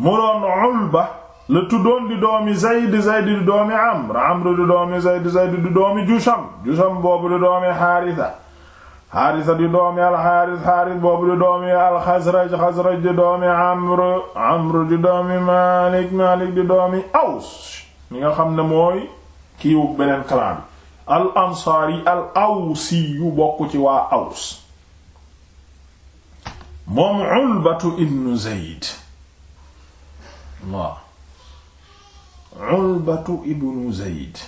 mu doon Ulba la tuddoon di doomi Zayd Zayd di doomi Amr Amr di doomi Zayd Zayd di doomi Jusham Jusham boobu di doomi Haarisa Haarisa di doomi al-Haaris boobu di doomi al-Xasraj di doomi Amr Amr di doomi Maalik Maalik di doomi Aws mi nga xam ne mooy kiiwu beneen clan bi al ansaari bokk ci waa Aws moom Ulbatu ibnu Zayd waaw Ulbatu ibnu Zayd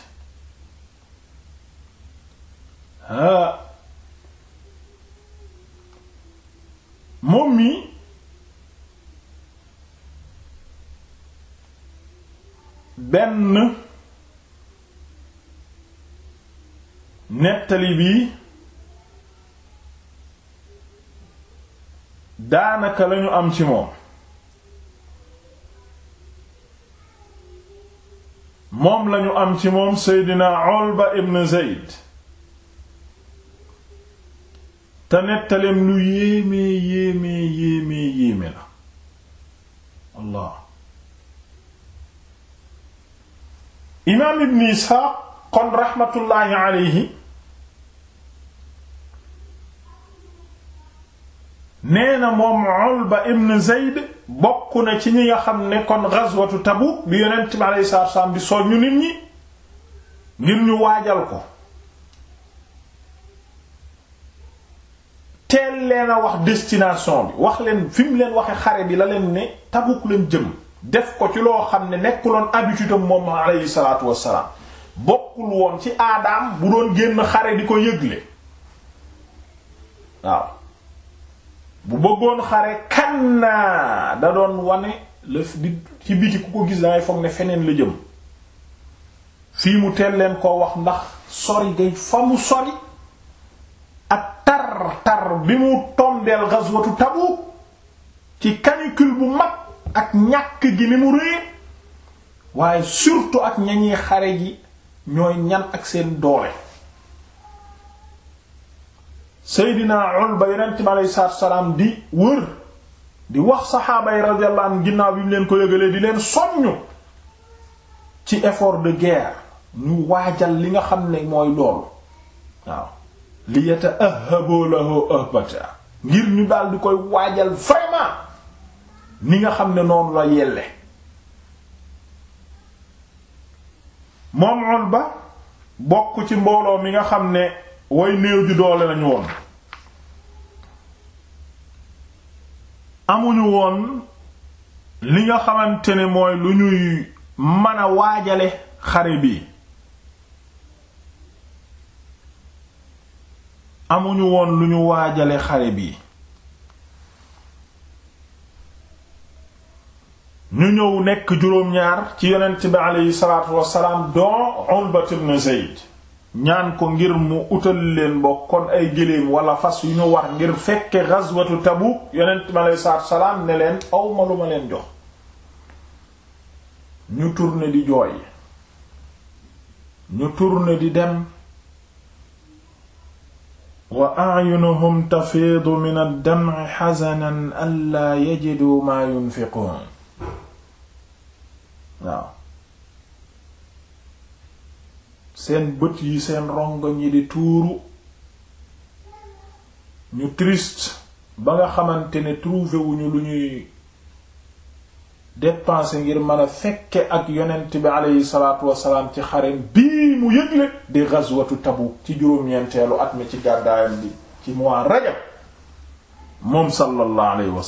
haa moom mi benn nettali bi daanaka lañu am ci moom moom lañu am ci moom seydina Ulba ibn Zayd te nettalem lu yéeme yéeme yéeme yéeme la Allah imaam ibn Isxaaq kon raxmatullaahi aleyhi nee na moom Ulba ibn Zayd bokk na ci ñi nga xam ne kon ghazwatu Tabuk bi yonent bi alayhi salaatu wasallam bi soññu nit ñi ngir ñu waajal ko teel leen a wax destination bi wax leen fim leen waxe xare bi la leen ne Tabuk leen jëm def ko ci loo xam ne nekkuloon habitude am moom alayhi salaatu wassalaam bokkul woon ci aadaam bu doon génn xare di ko yëgle waaw bu bëggoon xare kannaa da doon wane la di ci biti ku ko gis dangay foog ne feneen la jëm fii mu teel leen koo wax ndax sori gay fa mu sori ak tar tar bi mu tombeel gazwatu Tabuk ci canicule bu mag ak ñakk gi ni mu réer waaye surtout ak ñañuy xare ji ñooy ñan ak seen doole seydinaa Ulba yonent bi aleyhi salaatu di wër di wax saxaaba yi radiyallahu ginnaaw bi leen ko yëgalee di leen soññu ci effort de guerre ñu waajal li nga xam ne mooy loolu waaw li yata'ahhabu lahu ahbata ngir ñu daldi di koy waajal vraiment ni nga xam ne noonu la yelle moom Ulba bokk ci mbooloo mi nga xam ne way néew ju doole lañu woon amuñu woon li nga xamante ne mooy lu ñuy mën a waajale xare bi amuñu woon lu ñu waajale xare bi ñu ñëw nekk juróom-ñaar ci yonent bi aleyhi salaatu wassalaam don Ulbat ibn Zayd ñaan ko ngir mu utal leen bokkoon ay gëléem walla fas yu ñu war ngir fekk ghazwatu Tabuk yonent mi aleyhi salaatu salaam ne leen aw leen jox ñu tourné di jooy ñu tourné di dem wa a'yunuhum tafiidu min ad-dam'i hazanan allaa yajiduu maa waaw seen bët yi seen rongoñ yi di tuuru ñu triste ba nga xamante ne trouvé wuñu lu ñuy dépenser ngir mën a fekke ak yonent bi aleyhi salaatu wasalaam ci xarem bii mu yëgle di ghazwatu Tabuk ci juróom-ñeenteelu at mi ci gàddaayam bi ci mois rajab moom sallallahu alayhi wa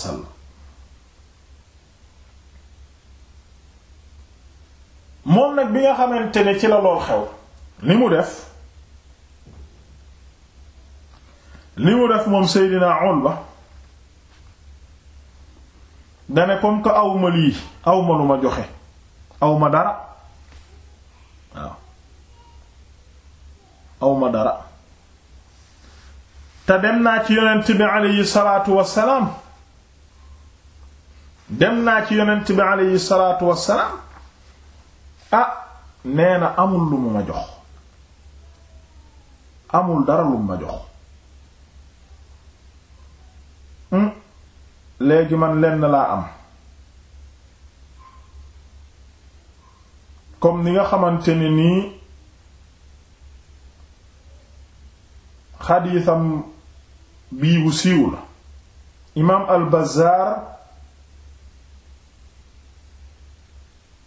moom nag bi nga xamante ne ci la lool xew li mu def li mu def moom Seydina Ulwa dane comme que awma lii awma lu ma joxe awma dara waaw awma dara te dem naa ci yonent bi aleyhi salaatu wassalaam dem naa ci yonent bi aleyhi salaatu wassalaam ah nee na amul lu mu ma jox amul dara lu ma jox hmm? léegi man lenn laa am comme ni nga xamante ne nii xadiisam bii bu siiw la imaam al-Bazzaar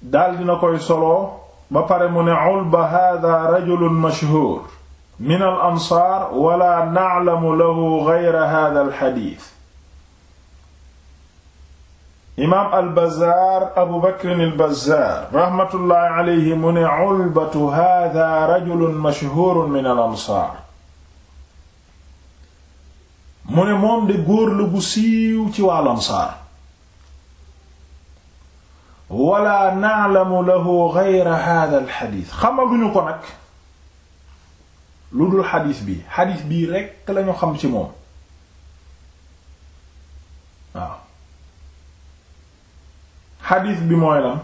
daal dina koy solo ba pare mu ne ulba hada rajulun mashhur min al ansaar wala na'lamu lahu ghayra hadha al hadith imaam al bazaar abu bakr al bazaar rahmatullahi alayhi mu ne ulbatu hadha rajulun mashhuurun min al ansaar mu ne moom de góor la bu siiw ci waa lansaar wala na'lamu lahu ghayra hadha al hadith xamaguñu ko nag lu dul xadis bi xadis bii rekk lañu xam ci moom waaw xadis bi mooy lan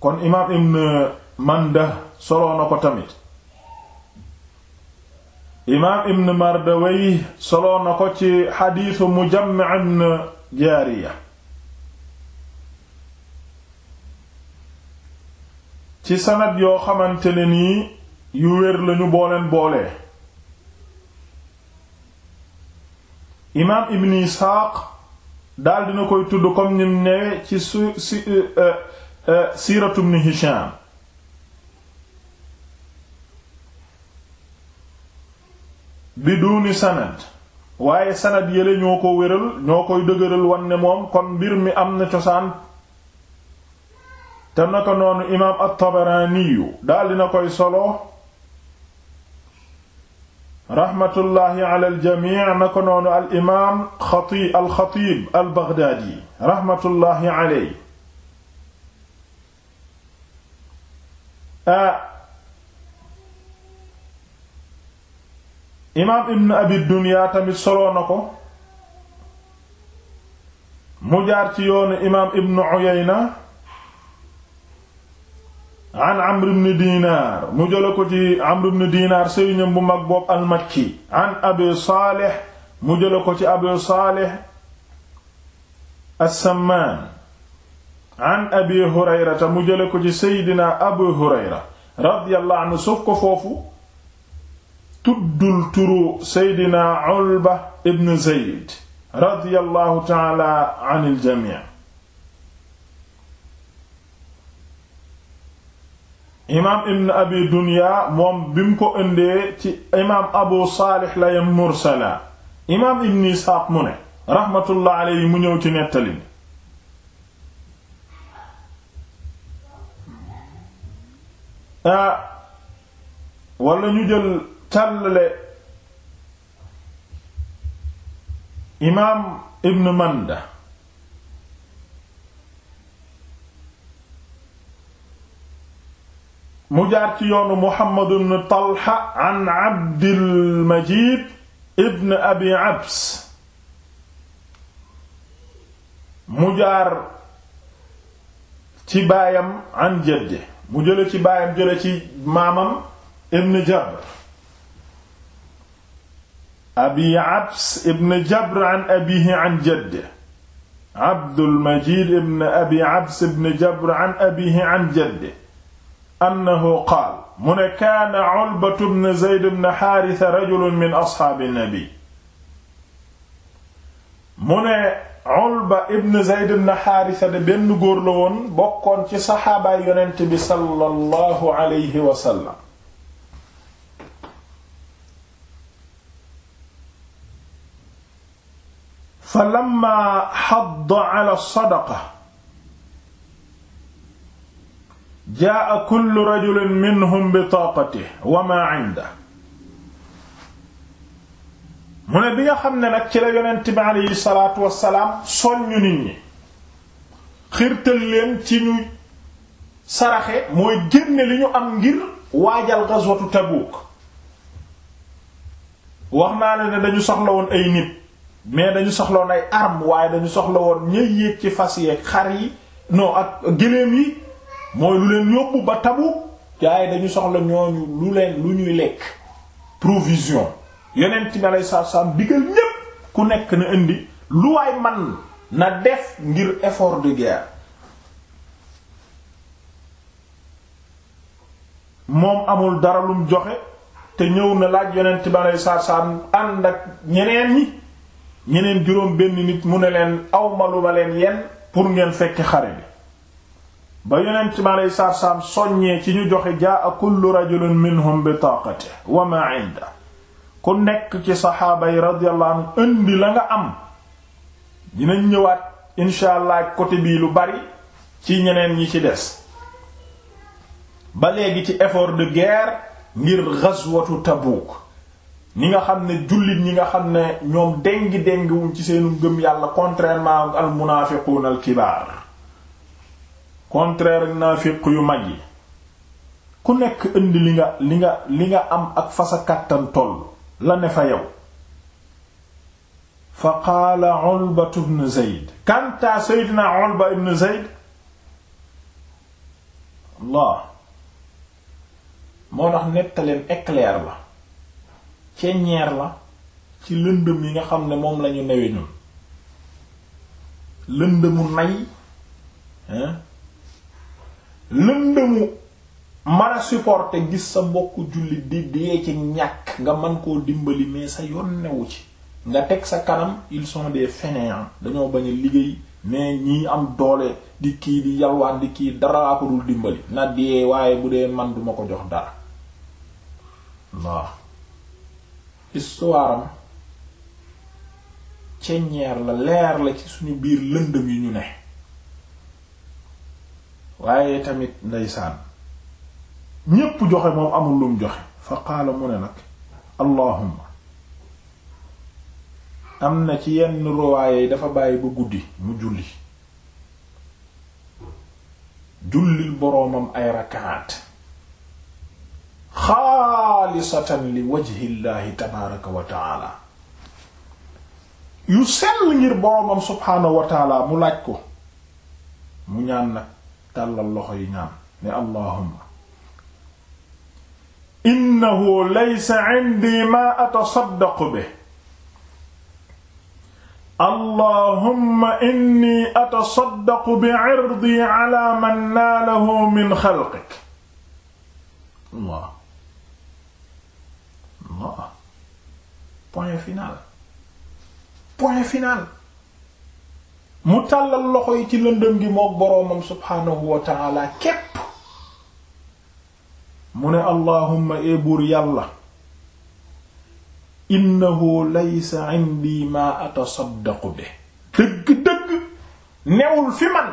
kon imaam ibn Mandah soloo na ko tamit imaam ibn Mardawey soloo na ko ci xadiisu Mujammi' ibn Jaariya ci sanad yoo xamante ne nii yu wér lañu booleen boole imaam ibn isxaaq daal dina koy tudd comme nim newe ci su si eh, eh, eh, siiratu ibn sanad waaye sanad yële ñoo ko wéral ñoo koy dëgëral wan moom kon mbir mi am na cosaan te naka noonu imaam at-Tabarani yu daal dina koy solo rahmatullahi ala aljamii na ko noonu al imaam xati alxatib albaghdaadi rahmatullahi aley a ah. imaam ibn abi dunya tamit soloo na mu jaar ci yoonu imaam ibn uyayna an amr ibn dinar mu jëla ko ci amr ibn dinar sëriñam bu mag boobu almakki an abi saalih mu jëla ko ci abi saalih assamaan an abi hurayrata mu jëla ko ci seydina abu hurayra radiyallahu anhu suuf ko foofu tuddul turu seydina ulba ibn zeyd radiyallahu taala an al jamii imaam ibn abi dunya moom bi mu ko indee ci imaam abu saalix layem mursala imaam ibn isxaaq mu ne raxmatullah alayhi mu ñëw ci nettali mi ah, wala ñu jël càllale imaam ibn manda mu jaar ci yoonu Muhammad ibn Talha an Abdil Majid ibn Abi Abs mu jaar ci baayam an jadde mu jële ci baayam jële ci maamam ibn Jabr Abi Abs ibn Jabr an abihi an jadde Abdul Majid ibn Abi Abs ibn Jabr an abihi an jadde annahu qaal mu ne kaana Ulbatu bnu Zayd bnu Haarisa rajulun min asxaabi nabi mu ne Ulba ibn Zayd bnu Haarisa de benn góor la woon bokkoon ci saxaabaay yonent bi sallallahu alayhi wa sallam fa lamma hadda ala sadaqa jaa kullu rajulin minhum bi taaqatihi wa ma mu ne bi nga xam ne nag ci la yonent bi aleyhi salaatu wassalaam soññu nit ñi xirtal leen ci ñu saraxe mooy génne li ñu am ngir waajal gazwatu Tabuuk wax naa la ne dañu soxla woon ay nit mais dañu soxla woon ay armes waaye dañu soxla woon ñëy yéeg ci fas yeeg xar yi non ak gëléem yi mooy lu leen yóbbu ba tabu gaa yi dañu soxla ñooñu lu leen lu ñuy lekk provision yeneen ci ma lay saabsaab digal ñépp ku nekk na indi lu waay man na def ngir efort de guerre moom amul dara lum joxe te ñëw na laaj yonent ba lay saabsaab ànd ak ñeneen ñi ñeneen juróom benn nit mu ne leen awma lu ma leen yenn pour ngeen fekk xare bi ba yonent bi aleyhi salaatu salaam soññee ci ñu joxe jaa kullu rajulin minhum bi taaqati wa ma inda ku nekk ci saxaaba yi radiyallahu anhu la nga am dinañ ñëwaat incha allah côté bii lu bari ci ñeneen ñi ci des ba léegi ci effort de guerre ngir ghazwatu Tabuk ñi nga xam ne jullit ñi nga xam ne ñoom déngi déngiwuñ ci seenu gëm yàlla contrairement al munaafiquun al kibaar contraire ak yu mag yi ku nekk indi li nga li nga li nga am ak fa sa kàttan toll la ne fa yow fa qaala Ulbatu ibn Zayd kantaa Seydina Ulba ibn Zayd Allah moo tax nettaleen éclair la ceñeer la ci lëndëm yi nga xam ne moom lañu newe ñun lëndëmu nay lëndëmu mën a gis sa mbokku jullit di dee ci ñàkk nga mën koo dimbali mais sa yoon newu ci nga teg sa kanam ils sont des fainéants dañoo bañ liggéey mais ñi am doole di kii di yalwaan di kii dara ko dul dimbali na dee waaye bu dee man duma ko jox dara waaw histoire ceñeer la leer la ci suñu biir lëndëm yi ñu ne waaye tamit ndeysaan ñépp joxe moom amul lum joxe fa qaala mu ne nag allahumma am na ci yenn ruwaaye yi dafa bàyyi ba guddi mu julli jullil boroomam ay rakaat xaalisatan li wajhillaahi tabaaraka wa taala yu sell ngir boroomam subhaanahu wa taala mu laaj ko mu ñaan nag tàllal loxo yi ñaan ne allahumma innahu laysa indi ma atasaddaqu bi allahumma inni atasaddaqu bi irdi ala man naalahu min xalqik allah allah point final point final mu tàllal loxo yi ci lëndëm gi mook boroomam subhaanahu wa taala képp mu ne allahumma ebuur yàlla innahu laysa indi ma atasaddaqu be dëgg-dëgg newul fi man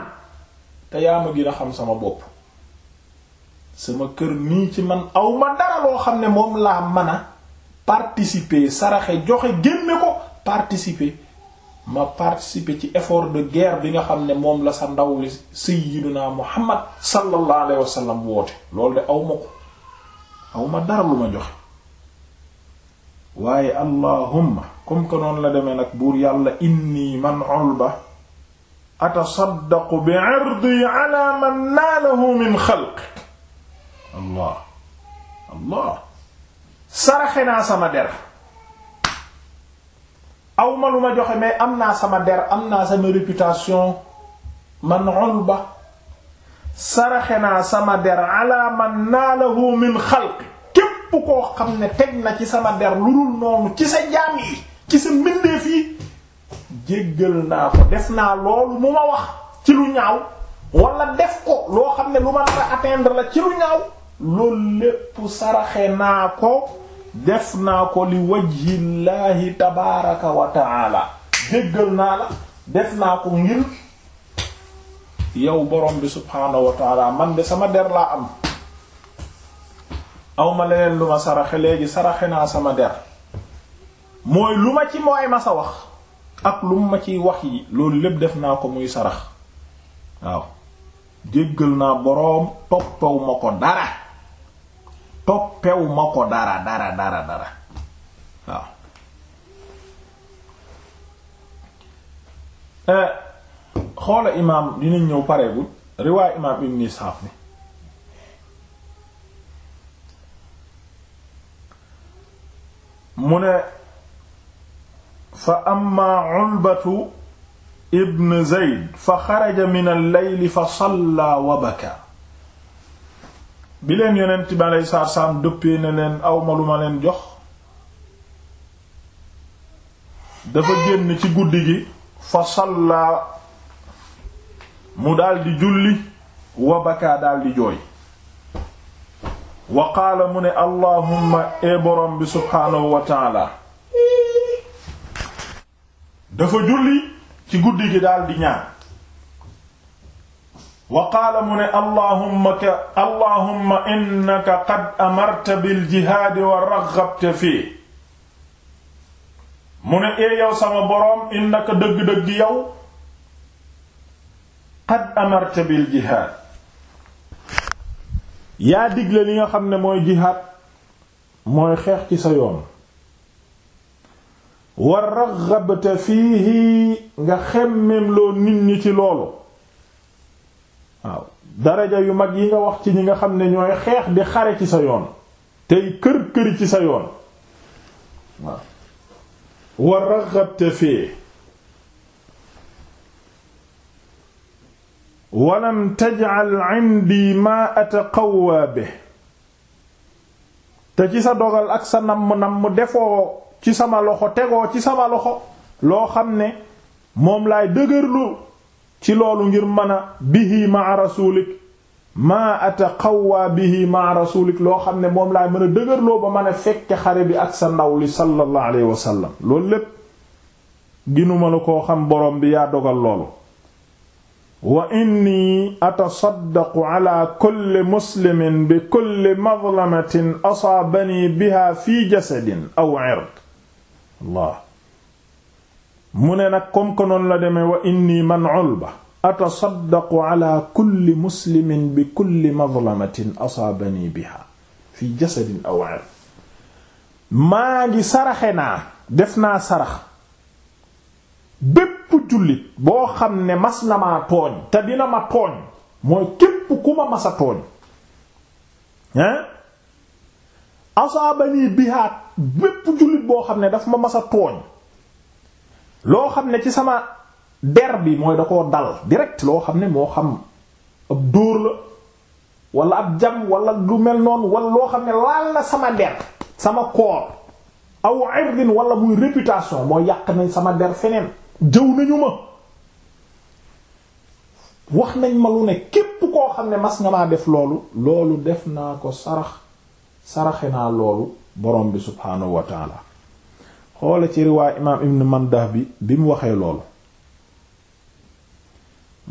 te yaa ma gën a xam sama bopp sama kër nii ci man aw ma dara loo xam ne moom laa mën a participer saraxe joxe génne ko participer ma participer ci effort de guerre bi nga xam ne moom la sa ndaw li sayyiduna muhammad sallallahu alayhi wasallam woote loolu de awma ko awma dara lu ma joxe waaye allahumma comme que noonu la demee nag buur yàlla inni man ulba atasaddaqu bi irdi ala man naalahu min xalq allah allah saraxe naa sama der aw ma lu ma joxe mais am naa sama der am naa sama réputation man ulba saraxe naa sama der ala man naalahu min xalq képp koo xam ne teg na ci sama der lu dul noonu ci sa jaam yi ci sa mbindeef yi jéggal naa ko def naa loolu mu ma wax ci lu ñaaw wala def ko loo xam ne lu ma nar a la ci lu ñaaw loolu lépp saraxe naa ko def naa ko li wajhillaahi tabaaraka wa ta'ala naa la def naa ko ngir yow borom bi subhaanahu wa man de sama der laa am awma leneen lu ma saraxe léegi saraxe naa sama der mooy lu ma ci mooy ma sa wax ak lu ma ciy wax yi loolu lépp def naa ko muy sarax waaw jéggal naa boroom toppatoo ma ko dara toppewu ma ko dara dara dara dara waaw eh, xoola imaam dinañ ñëw pareegul riwaay imaam ibn Isxaaq bi mu ne fa amma Ulbatu ibn Zayd fa xaraja min al fa salla wa baka bi leen yonent bi aleyhi salaatu salaam dëppee ne leen awma lu ma leen jox dafa génn ci guddi gi fa salla mu daldi julli wa bakaa daldi jooy wa mu ne allahumma ee borom bi subhaanahu wa taala dafa julli ci guddi gi daldi ñaan wa qaala mu ne allahumma ka allahumma innaka qad amarta bil jihaadi wa raghhabta fii mu ne ee yow sama boroom innaka dëgg-dëgg yow qad amarta bil jihaad yaa digle li nga xam ne mooy jihaad mooy xeex ci sa yoon wa raghhabta fiihi nga xemmem loo nit ñi ci loolu waaw daraja yu mag yi nga wax ci ñi nga xam ne ñooy xeex bi xare ci sa yoon tey kër këri ci sa yoon waaw wa raxabte fee walam tajal indi ma ataqawwa bi te ci sa dogal ak sa namm-namm defoo ci sama loxo tegoo ci sama loxo loo xam ne moom lay dëgërlu ci loolu ngir mën a bihi maa rasulik maa ataqawwa bihi maa rasulik loo xam ne moom laay mën a dëgërloo ba mën a fekke xare bi ak sa ndaw li sallallahu alayhi wasallam loolu lépp ginuma la koo xam boroom bi yaa dogal loolu wa inni atasaddaqu ala kulli muslimin bi kulli madlamatin asaabani biha fi jasadin aw ird mu ne nag comme que noonu la demee wa inni man ulba atasaddaqu ala kulli muslimin bi kulli madlamatin asaabani biha fi jasadin aw maa ngi saraxe naa def naa sarax bépp jullit boo xam ne mas na maa tooñ te dina ma tooñ mooy képp ku ma masa tooñ hein biha bépp jullit boo xam ne daf ma masa tooñ loo xam ne ci sama der bi mooy da koo dal direct loo xam ne moo xam ab dóor la walla ab jam walla lu mel noonu wala loo xam ne laal na sama der sama koor aw irdin wala muy réputation mooy yàq nañ sama der feneen jëw nañu ma wax nañ ma lu ne képp koo xam ne mas nga maa def loolu loolu def naa ko sarax saraxe naa loolu borom bi subhaanahu wa xoola ci riwaay imaam ibn mandah bi bi mu waxee loolu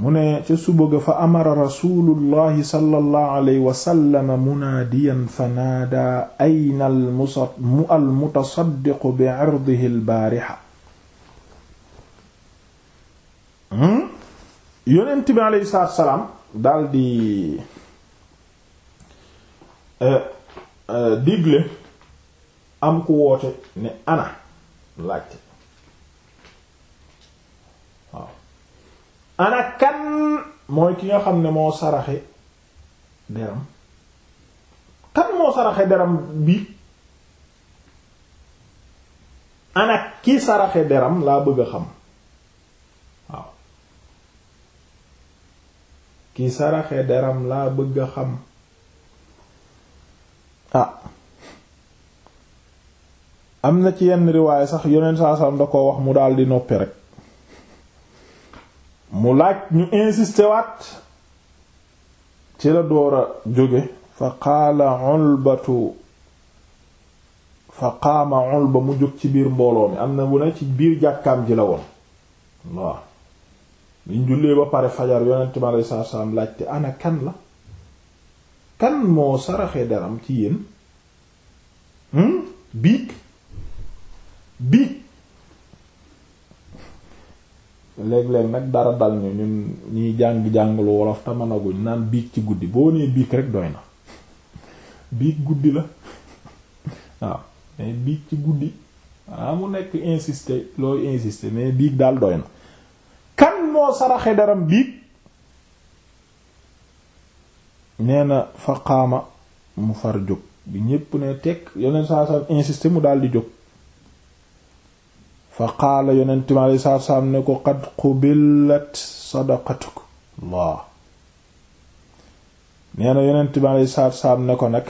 mu ne ca suba ga fa amara rasulullahi sallallahu alayhi fa naadaa ayna almutasaddiqu bi irdihi albaarixa hmm? yonent bi aleyhi salaatu wasalaam daldi eh, eh, digle am ku woote ne ana laajte waaw ana kan mooy ki nga xam ne moo saraxe deram kan moo saraxe deram bi ana kii saraxe deram laa bëgg a xam waaw ki saraxe deram laa bëgg a xam am na ci yenn riwaay sax yonent saa salaam da ko wax mu daal di noppi rek mu laaj ñu insister ci la door a jóge fa qaala ulbatu fa qaama ulba mu jóg ci biir mbooloo mi am na bu ne ci biir jàkkaam ji la woon waaw liñ jullee ba pare fajar yonent mi aleyhi salaatu salaam laajte ana kan la kan moo saraxee daram ci yéen hmm? biig bi léeg-léeg nag dara dal ñu ñun ñuy jàng-jàng wolof te mënaguñ naan biig ci guddi boo nee biig rek doy na biig guddi la waaw mais biig ci guddi ah mu nekk insister looy insister mais biig daal doy na kan moo saraxe daram biig nee na fa xaama mu far jóg bi ñépp ne tek yeneen saa saa insister mu daal di jóg fa qaala yonent mi alayhi salaatu salaam ne ko qad qubilat sadaqatuk Allah nee na yonent mi alayhi salaatu salaam ne ko nag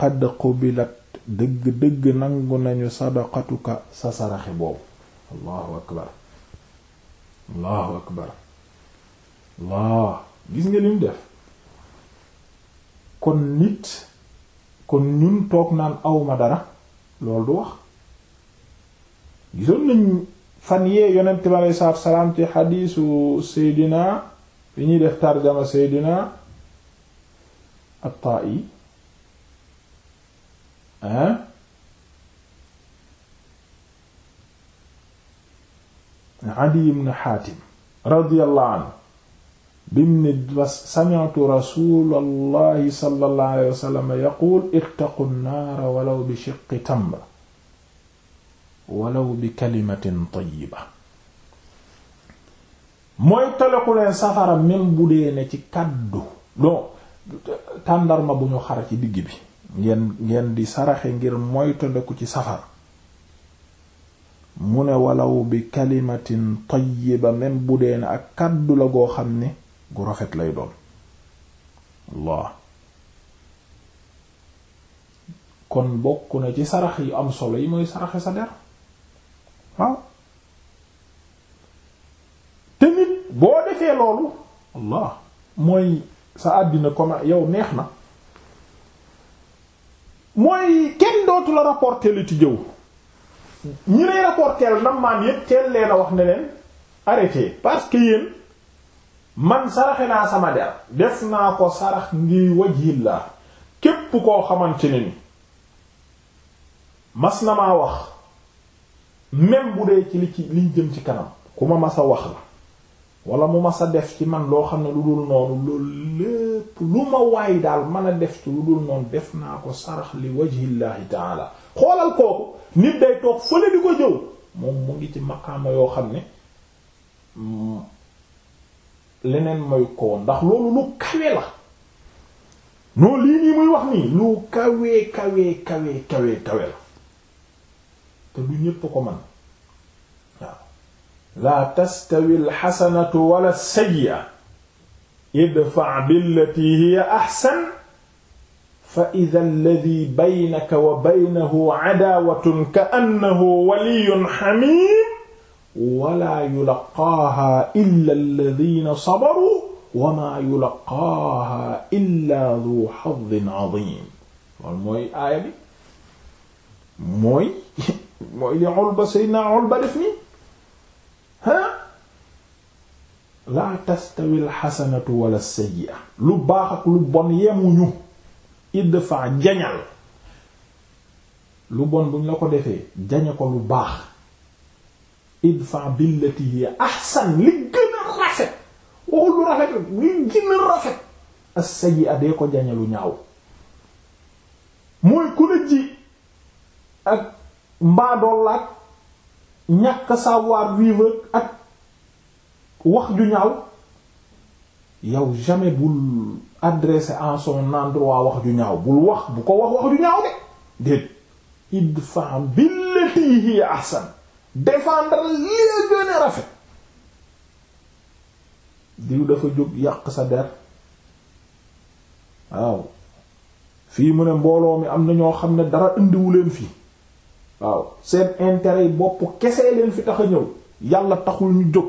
qad qubilat dëgg dëgg nangu nañu sadaqatuka sa saraxe boobu allahu akbar allahu akbar allah gis nga liñ def kon nit kon ñun toog naan awma dara loolu du wax gisoon nañ fan yee yonent bi aleyhi salaatu salaam ci xadiisu Seydina bi ñuy def tarjama Seydina at-Taa'i hein Adiy ibn Haatim radiyallahu anhu bim ne sami'tu rasuulallahi sallallahu alayhi wa sallam yaquul ittaqu nnaara walaw bi shiqqi tamra walaw bi kalimatin tayyiba mooy teleku leen safara même bu dee ne ci kàddu don tàndarma bu ñu xara ci digg bi ngeen ngeen di saraxe ngir moytandiku ci safara mu ne walaw bi kalimatin tayyiba même bu dee ne ak kàddu la goo xam ne gu rafet lay doon Allah kon bokk na ci sarax yu am solo yi mooy saraxe sa der waaw te nit boo defee loolu allah mooy sa àddina comme yow neex na mooy kenn dootu la rapporter li ci jëw ñi lay rapporter nam maan yépp teel leen a wax ne leen arrêté parce que yéen man saraxe naa sama der def naa ko sarax ngir wajhillah képp koo xamante ne ni mas na maa wax même bu dee ci li ci liñ jëm ci kanam ku ma mas a wax la wala mu mas a def ci man loo xam ne lu dul noonu loolu lépp lu ma waay daal mën a def ci lu dul noonu def naa ko sarax li wajhillahi taala xoolal kooku nit day toog fële di ko jëw moom mu ngi ci maqaama yoo xam ne leneen mooy ko ndax loolu lu kawe la non lii nii muy wax nii lu kawe kawe kawe kawe kawe la te du ñépp ko man waaw laa tastawi alxasanatu wala sayyi'a idfa billati hiya ahsan fa idha alladhi baynaka wa baynahu adaawatun ka'annahu waliyyun hamiim wala yulaqaaha illa alladhina sabaru wama yulaqaaha illa dhu hazzin azim loolu mooy aaya bi mooy mooy li Ulba Seydina Ulba def nii ah laa tastawi alxasanatu wala sayyi'a lu baax ak lu bon yemuñu idfa jañal lu bon buñ la ko defee jañe ko lu baax idfa billati hiya ahsan li gën a rafet waxul lu rafet li gën a rafet as-sayyi'a dee ko jañe ñaaw mooy ku la ji ak mbaadool laaj ñàkk savoir vivre ak wax ju ñaaw yow jamais bul adresser en son wax ju ñaaw bul wax bu ko wax wax ju ñaaw de déet idfa billati hiya ahsan défendre li gën a rafet diw dafa jóg yàq sa der waaw fii mu ne mbooloo mi am na ñoo xam ne dara indiwu leen fii waaw seen intérêt yi bopp kese leen fi tax a ñëw yàlla taxul ñu jóg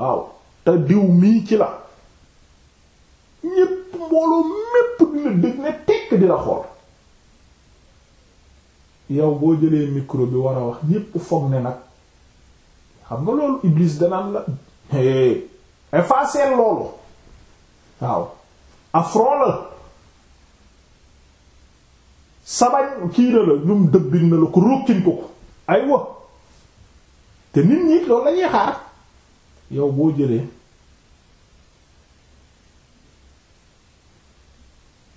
waaw te diw mii ci la ñépp mbooloo mépp dina dégg ne tekk di xool yow boo jëlee micro bi war a wax ñépp foog ne nag xam nga loolu ibliis danaan la seen loolu waaw affront la sabañ kii na la ñum dëbbin na la ko rokkin ko ko ay wa te nit ñi loolu lañuy xaar yow boo jëlee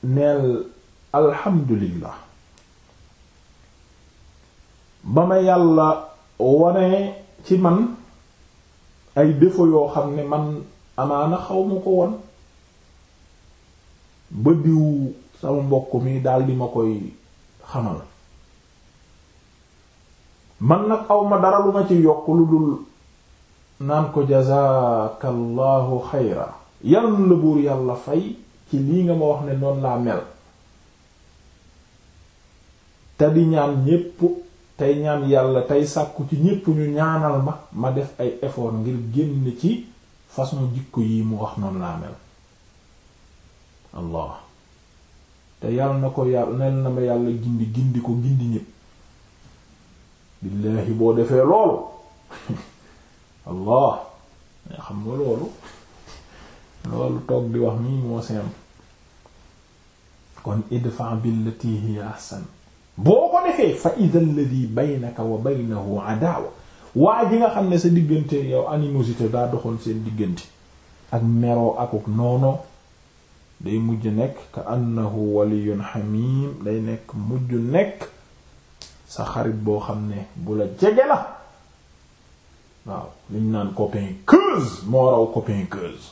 neel alhamdulillah ba ma yàlla wane ci man ay défaut yoo xam ne man amaana xaw ma ko woon ba diw sama mbokk mi daal di ma koy xamal man nag awma dara lu ma ci yokk lu dul naan ko jazakallahu xayra yàlla buur yàlla fay ci lii nga ma wax ne noonu laa mel te di ñaan ñépp tey ñaan yàlla tey sàkku ci ñépp ñu ñaanal ma ma def ay effort ngir génn ci façon jikko yi mu wax noon laa mel te yal na ko yàlla nel na ma yàlla gindi gindi ko gindi ñépp billaahi boo defee loolu allah nga xam nga loolu loolu toog di wax nii moo seem kon idfa billati hiya ahsan boo ko defee fa idha alladhi baynaka waa ji nga xam ne sa diggante yow animosité daa doxoon seen diggante ak meroo akuk noono day mujj nekk ka annahu waliyun xamim day nekk mujj nekk sa xarit boo xam ne bu la jege la waaw liñ naan copain queuse moo raw copain queuse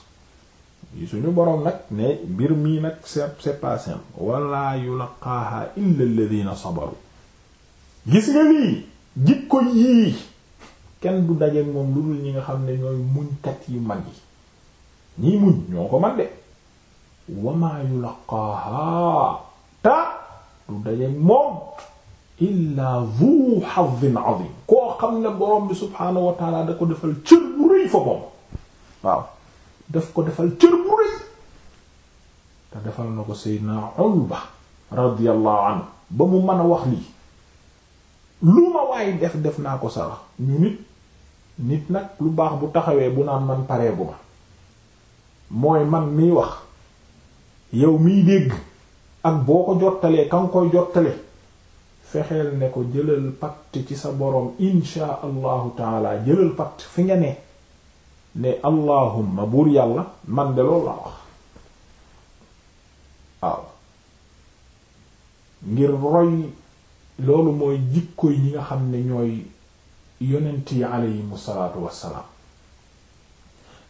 yi suñu boroom nag ne mbir mii nag c'est c'est pas simple wala yulaqaaha illa alladhina sabaru gis nga lii jikko yii kenn du dajeek moom lu dul ñi nga xam ne ñooy muñkat yu mag yi ñii muñ ñoo ko man de wamaa yulaqaaha ta du daje moom illaa zu hazin azim koo xam ne borom bi subhaanahu wa da ko defal cër bu rëy fa moom waaw daf ko defal cër bu rëy te defal na ko Seydina Ulba radiyallahu anhu ba mu mën a wax lii lu ma waaye def def naa ko sarax ñu nit nit nag lu baax bu taxawee bu naan man paree bu ma mooy man miy wax yow miy dégg ak boo ko jottalee ka koy jottale fexeel ne ko jëlal pacte ci sa boroom insha allahu taala jëlal pacte fi nga ne ne allahumma buur yàlla man de loolu la wax waaw ngir roy loolu mooy jikko yi nga xam ne ñooy yonent yi aleyhimu salaatu wassalaam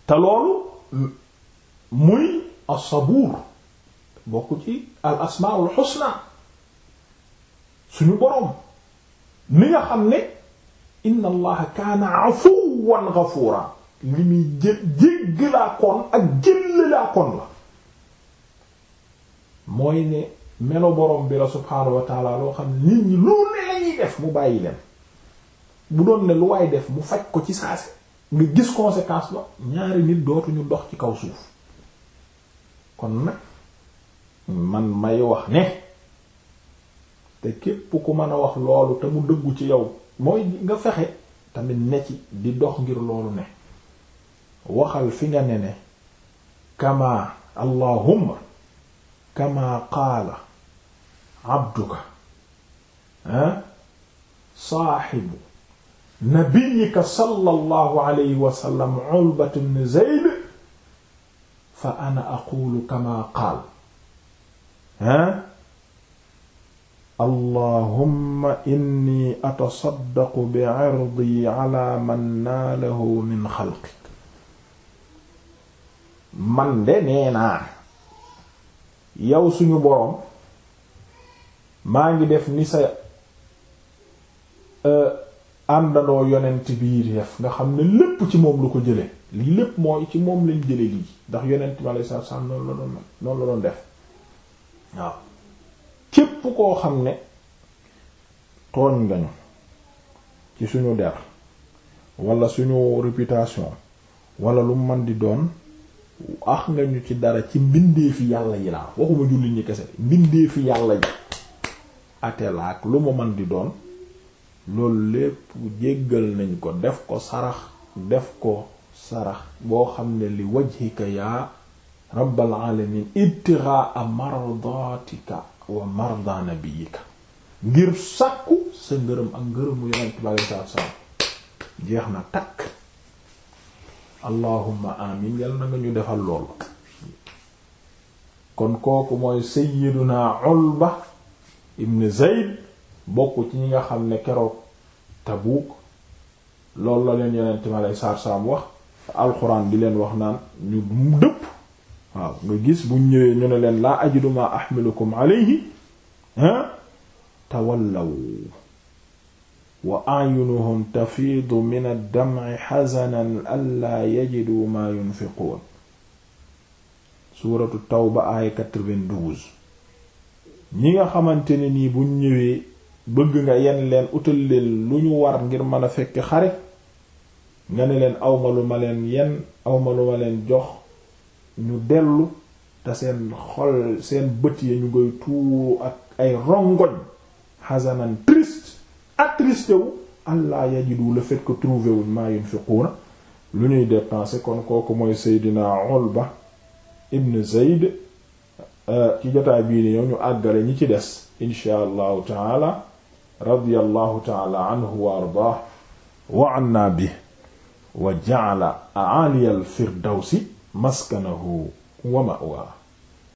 te loolu muy asabuur bokk ci al asmaul husna suñu boroom mi nga xam ne inna allaha kaana afuwan ghafuura li muy jé jégg ak jëll la mooy ne melo boroom bi la subhaanahu wa loo xam ne nit ñi loolu ne lañuy def mu bàyyi leen bu doon ne lu waay def mu faj ko ci saase nga gis conséquence ba ñaari nit dootuñu dox ci kaw suuf kon nag man may wax ne te képp ku mën a wax loolu te mu dëggu ci yow mooy nga fexe tamit ne ci di dox ngir loolu ne waxal fi nga ne ne kama allahumma kama qaala abduka ah saaxibu nabiyika sallallahu alayhi wa sallam ulbatu bnu zayd fa ana aqulu kama qaal ah allahumma inni atasaddaqu bi irdi ala man naalahu min xalqik man de nee naa yow suñu boroom maa ngi def ni sa euh, àndandoo yonent bii def nga xam ne lépp ci moom lu ko jële lii lépp mooy ci moom lañ jële lii ndax yonent bi alayhi salaatu la doon noonu la doon def waaw képp koo xam ne tooñ nga ñu ci suñu der wala suñu réputation walla lu man di doon ax nga ñu ci dara ci mbindeefi yàlla yi laa waxuma julli ñi kese mbindeefi yàlla yi atela ak lu mu man di doon loolu lépp jéggal nañ ko def ko sarax def ko sarax boo xam ne li wajhika yaa rabbal alamin ibtiraa mardatika wa marda nabiyyika ngir sàkku sa ngërëm ak ngërëmu yonent bi alei saatu salaam jeex na takk allahumma amin yàlla na nga ñu defal loolu kon kooku mooy sayyiduna Ulba ibn Zayd bokk ci ñi nga xam ne keroog Tabuuk loolu la leen yonent bi alei saatu salaam wax alxuraan di leen wax naan ñu dëpp waaw nga gis bu ñëwee ñu ne leen laa ajidu ma ahmilukum alayhi tawallaw wa ayunuhum tafiidu min ad-dam'i hazanan allaa yajidu ma yunfiqun suuratu tawba aaya 92 ñi nga xamante ne nii bu ñëwee bëgg nga yen leen utal leen lu ñu war ngir mën a fekk xare nga ne leen awma lu ma leen yen awma lu ma leen jox ñu dellu te seen xol seen bët ya ñu koy tuur ak ay rongoñ xasanan triste attristé wu allah yajidu le fait que trouvé maa yunfiquuna lu ñuy dépensé kon kooku mooy Seydina Ulba ibn Zayd euh, ci jotaay bii ni ñu àggale ñi ci des insha allahu taala radiyallahu anhu wa ardah wa anna bi wa ja'ala a'ali firdawsi maskanahu wa ma'wa